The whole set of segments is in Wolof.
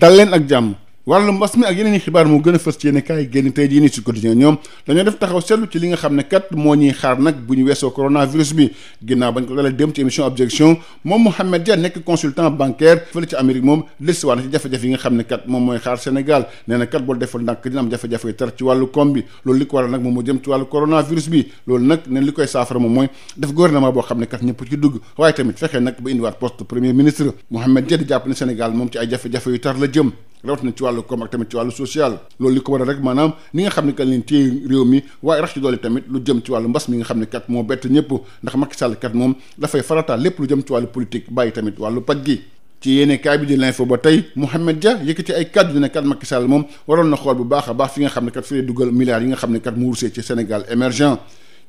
dal leen ak jàmm wàllu mbas mi ak yeneen i xibaar moo gën a fës ci yéen kaay génn tey jii nii ci quotidien ñoom dañoo def taxaw seetlu ci li nga xam ne kat moo ñuy xaar nag bu ñu weesoo coronavirus bi ginnaaw bañ ko dalee dem ci émission objection moom Mouhamed Dia nekk consultant bancaire fële ci Amérique moom desiwaat na ci jafe-jafe ne kat moom mooy xaar Sénégal nee na kat boo deful ndànk dina am jafe-jafe yu tar ci wàllu koom bi loolu li ko waral nag moom moo jëm ci wàllu coronavirus bi loolu nag ne li koy saafara moom mooy def gouvernement boo xam ne kat ñëpp ci dugg waaye tamit fexee nag ba indiwaat poste premier ministre Mouhamed Dia di jàpp ne Sénégal moom ci ay jafe tar la jëm na ci wàllu koom ak tamit ci wàllu social loolu li ko waral rek maanaam ni nga xam ne kat leen téye réew mi waaye rax ci doole tamit lu jëm ci wàllu mbas mi nga xam ne kat moo bett ñëpp ndax Macky Sall kat moom dafay farataal lépp lu jëm ci wàllu politique bàyyi tamit wàllu paj gi ci yéene kaay bi di l'info ba tey Mouhamed Dia yëkkati ay kàddu dina kat Macky Sall moom waroon na xool bu baax a baax fi nga xam ne kat fi lay dugal milliards yi nga xam ne kat mu wursee ci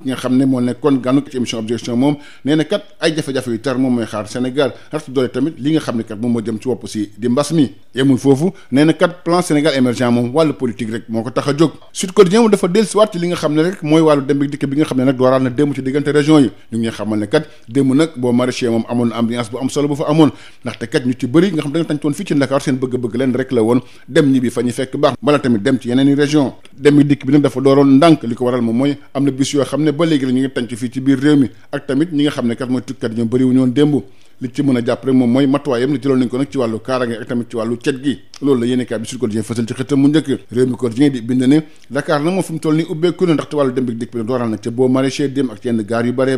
nga xam ne moo nekkoon ganu ci émission objection moom nee na kat ay jafe-jafe yu tar moom mooy xaar Sénégal rax doole ne kat moom moo jëm ci wopp moo a jóg Sud Quotidien dafa nga xam ne rek mooy dem bi dikk nga xam ne nag na démb ci diggante région yi ñu ngi xamal ne kat démb nag boo maraîcher moom amoon ambiance bu am tamit dem ci yeneen région dem bi dikk bi nag dafa dooroon ndànk li ko waral moom mooy am na bis yoo xam ne ba léegi la ñu ngi tànc fii ci biir réew mi ak tamit ñi nga xam ne kat mooy tukkat ñoom bëri wu démb li ci mën a jàpp rek moom mooy matuwaayam li jëloon nañ ko nag ci wàllu kaaraange ak tamit ci wàllu cet gi loolu la yéene kaay bi sur ko di fësal ci xëttam mu njëkk réew mi ko di di bind ne Dakar nag moom fi toll nii ubbeeku na ndaxte wàllu dem bi dikk bi dooral nag ca boo maraîcher dem ak yenn gaar yu bëree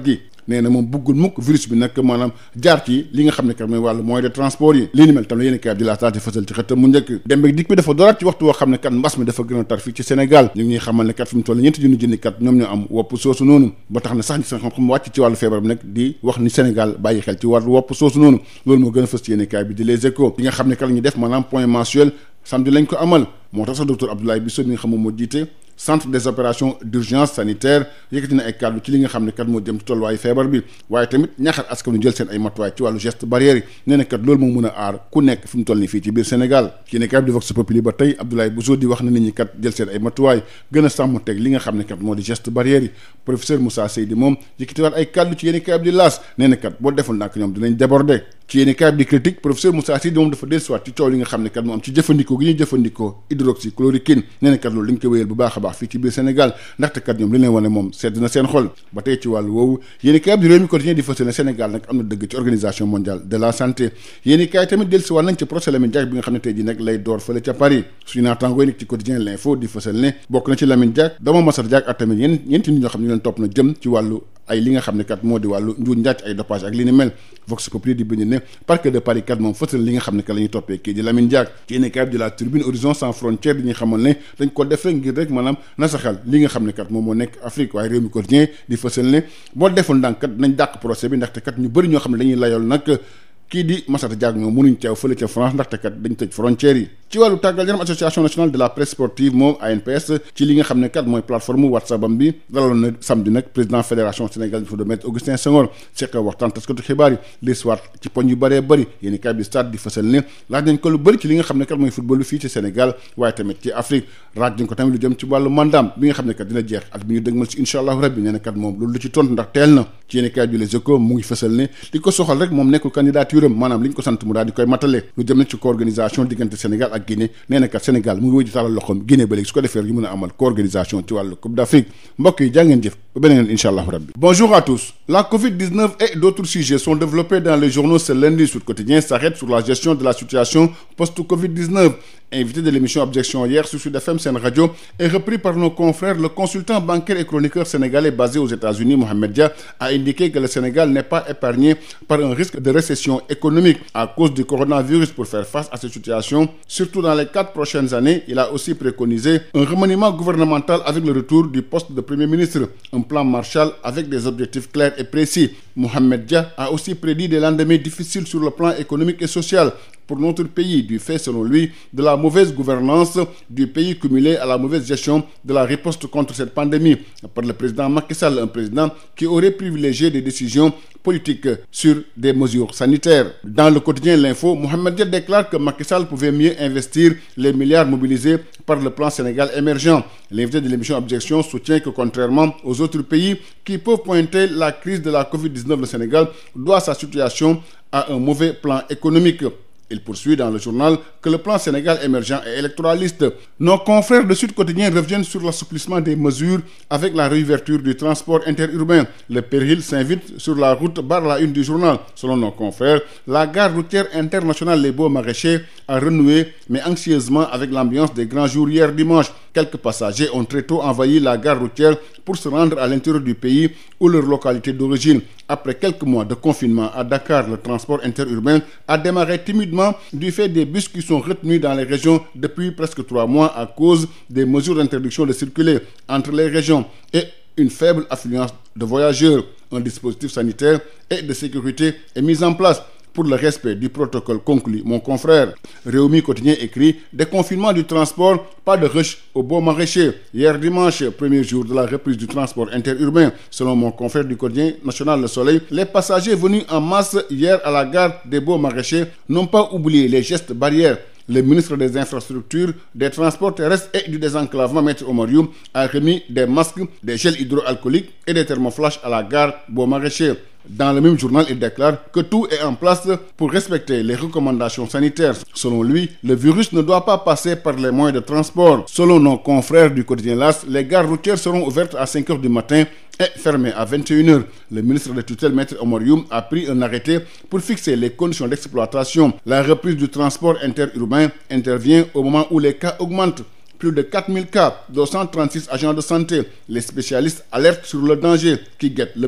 garab gi moom buggul mukk virus bi nag maanaam jaar ci li nga xam ne kat mooy wàllu moyen de transport yi li ni mel tam la yéen kaay di bi di wax ni Sénégal nga xam ne kat ñu def maanaam point mensuel samedi lañ ko amal moo tax sax docteur Abdoulaye Bissou mi nga xam moom moo jiite centre des opérations d'urgence sanitaire yëkkati na ay kàddu ci ne kat moo jëm ci tolluwaayu feebar bi waaye tamit ñaaxal askan ñu jël seen ay a nekk fi mu toll nii fii ci biir Sénégal kii ne kat di li nga xam ne kat moo di geste barrière yi professeur Moussa Seydi moom yëkkatiwaat ay kàddu ci yéeni kaay bi di laas ñoom dinañ déborder ci yéeni kaay di critique professeur Moussa Seydi moom dafa dellusiwaat ci coow li nga xam ne kat moo am ci jëfandikoo gi ñuy jëfandikoo hydroxychloroquine nee na kat loolu dañ ko bu baax a baax baax fii ci biir Sénégal ndaxte kat ñoom li leen wane moom sedd na seen xol ba tey ci wàllu woowu yéen i kaay bi di Rewmi Quotidien di fësal ne Sénégal nag am na dëgg ci organisation mondiale de la santé yéen tamit dellu wàll nañ ci procès Lamine Diack bi nga xam ne tey ji nag lay door fële ca Paris suñu naataangoo yi nekk ci quotidien l'info di fësal ne bokk na ci Lamine Diack dama Massar Diack ak tamit yenn ñeenti nit ñoo xam ne leen topp na jëm ci wàllu ay li nga xam ne kat moo di wàllu njuur njaaj ay dopage ak li ni mel vox populi di bind ne parquet de Paris kat moom fësal li nga xam ne kat la toppee kii di Lamine Diack ci yéenekaay bi di la Tribune Horizon Sans Frontières di ñu xamal ne dañ ko def rek ngir rek maanaam nasaxal li nga xam ne kat moom moo nekk Afrique waaye réew mi quotidien di fësal ne boo defoon ndànk kat nañ dàq procès bi ndaxte kat ñu bëri ñoo xam ne dañuy layool nag kii di Massata Diagne moom mënuñ teew fële ca France ndaxte kat dañ tëj frontières yi ci wàllu tàggal yaram association nationale de la presse sportive moom ANPS ci li nga xam ne kat mooy plateforme WhatsApp bi dalaloon na samedi nag président fédération sénégalaise de football maître Augustin Senghor seq waxtaan taskatu xibaar yi li waat ci poñ yu bëree bëri yéeni kay bi stade di fësal ne laaj nañ ko lu bëri ci li nga xam ne kat mooy football bi fii ci Sénégal ci yéeni kaay bi Les mu ngi fësal ne li ko soxal rek moom nekkul candidature maanaam li ko sant mu daal koy matale lu jëm na ci co-organisation diggante Sénégal ak Guinée nee Sénégal mu ngi wéy di loxoom Guinée ba léegi su ko defee ñu mën a amal co-organisation ci wàllu Coupe d'Afrique mbokk yi jàngeen jëf ba beneen yoon allahu rabbi bonjour à la Covid-19 et d'autres sujets sont développés dans les journaux ce sur la Invité de l'émission Objection hier sur Sud FM Sen Radio et repris par nos confrères, le consultant bancaire et chroniqueur sénégalais basé aux États-Unis, Mohamed Dia, a indiqué que le Sénégal n'est pas épargné par un risque de récession économique à cause du coronavirus pour faire face à cette situation. Surtout dans les quatre prochaines années, il a aussi préconisé un remaniement gouvernemental avec le retour du poste de Premier ministre, un plan Marshall avec social pour notre pays, du fait, selon lui, de la à la mauvaise gestion de la riposte contre cette pandémie par le président Macky Sall, un président qui aurait privilégié des décisions politiques sur Dans le quotidien L'Info, Mohamed Dia déclare que Macky Sall pouvait mieux investir par le plan Sénégal émergent. L'invité de l'émission Objection soutient que contrairement aux autres pays qui peuvent pointer de la COVID-19, le Sénégal doit sa situation à un mauvais plan Il poursuit dans le journal que le plan Sénégal émergent est électoraliste. Nos confrères de Sud Quotidien reviennent sur l'assouplissement des mesures avec la réouverture du transport interurbain. Le péril s'invite sur la route barre la une du journal. Selon nos confrères, la gare routière internationale Les Beaux Maraîchers a renoué, mais anxieusement avec l'ambiance des grands jours hier dimanche. Quelques passagers ont très tôt envahi la gare routière pour se rendre à l'intérieur du pays ou leur localité d'origine. Après quelques mois de confinement à Dakar, le transport interurbain a démarré timidement du fait des bus qui sont retenus dans les régions depuis presque trois mois à cause des mesures d'interdiction de circuler entre les régions et une faible affluence de voyageurs. Un dispositif sanitaire et de sécurité est mis en place pour le respect du protocole conclu. Mon confrère Réumi Quotidien écrit Déconfinement du transport, pas de rush au beau maraîcher. Hier dimanche, premier jour de la reprise du transport interurbain, selon mon confrère du quotidien national Le Soleil, les passagers venus en masse hier à la gare des beaux maraîchers n'ont pas oublié les gestes barrières le ministre des Infrastructures, des Transports terrestres et du désenclavement, Maître Omariou, a remis des masques, des gels hydroalcooliques et des thermoflash Dans le même journal, il déclare que tout est en place pour respecter les recommandations sanitaires. Selon lui, le virus ne doit pas passer par les moyens de transport. Selon nos confrères du quotidien LAS, les gares routières seront ouvertes à 5 heures du matin est fermé à 21h. Le ministre de tutelle, Maître Oumar Youm, a pris un arrêté pour fixer les conditions d'exploitation. La reprise du transport interurbain intervient au moment où les cas augmentent. Plus de 4000 cas, 236 agents de santé. Les sur le danger qui guette le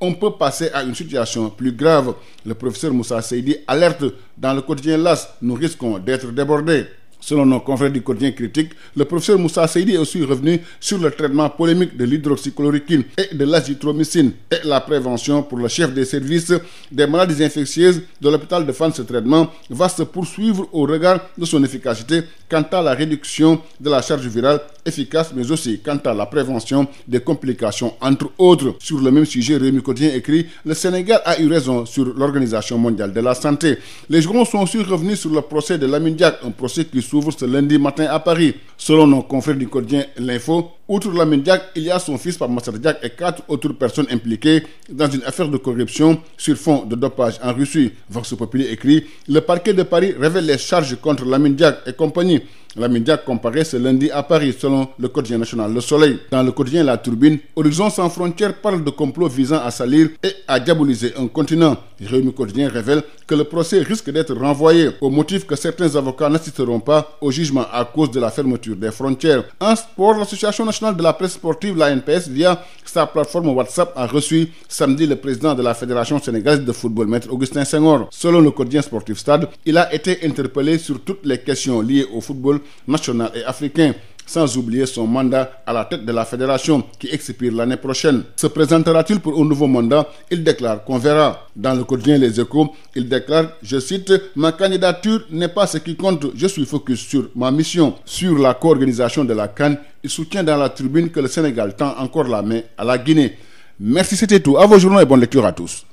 on peut passer à une situation plus grave. Le professeur Moussa Seydi alerte dans le quotidien LAS, nous risquons d'être débordés. Selon nos confrères du quotidien critique, le professeur Moussa Seydi est aussi revenu sur le traitement polémique de l'hydroxychloroquine et de l'azithromycine et la prévention pour le chef des services des maladies infectieuses de l'hôpital de Fan. Ce traitement va se poursuivre au regard de son efficacité quant à la réduction de la charge virale efficace, mais aussi quant à la prévention des complications, entre autres. Sur le même sujet, Rémi Cotien écrit Le Sénégal a eu raison sur l'Organisation mondiale de la santé. Les journaux sont aussi revenus sur le procès de Lamine Diak, un procès qui s'ouvre ce lundi matin à Paris. Selon nos confrères du quotidien L'Info, Outre Lamine Diack, il y a son fils Pape Massata Diack et quatre autres personnes impliquées dans une affaire de corruption sur fond de dopage en Russie. Vox Populi écrit Le parquet de Paris révèle les charges contre Lamine Diack et compagnie. Lamine Diack comparaît ce lundi à Paris selon le quotidien national Le Soleil. Dans le quotidien La Turbine, Horizon sans frontières parle de complots visant à salir et à diaboliser un continent. Réumi nationale de la presse sportive, la NPS, via sa plateforme WhatsApp, a reçu samedi le président de la Fédération sénégalaise de football, maître Augustin Senghor. Selon le quotidien sportif Stade, il a été interpellé sur toutes les questions liées au football national et africain. sans oublier son mandat à la tête de la fédération qui expire l'année prochaine. Se présentera-t-il pour un nouveau mandat? Il déclare qu'on Dans le quotidien Les Échos, il déclare, je cite, ma candidature n'est pas ce qui compte, je suis focus sur ma mission, sur la co-organisation de la CAN. Il soutient dans la tribune que le Sénégal tend encore la main à la Guinée. Merci, c'était tout. À vos journaux et bonne lecture à tous.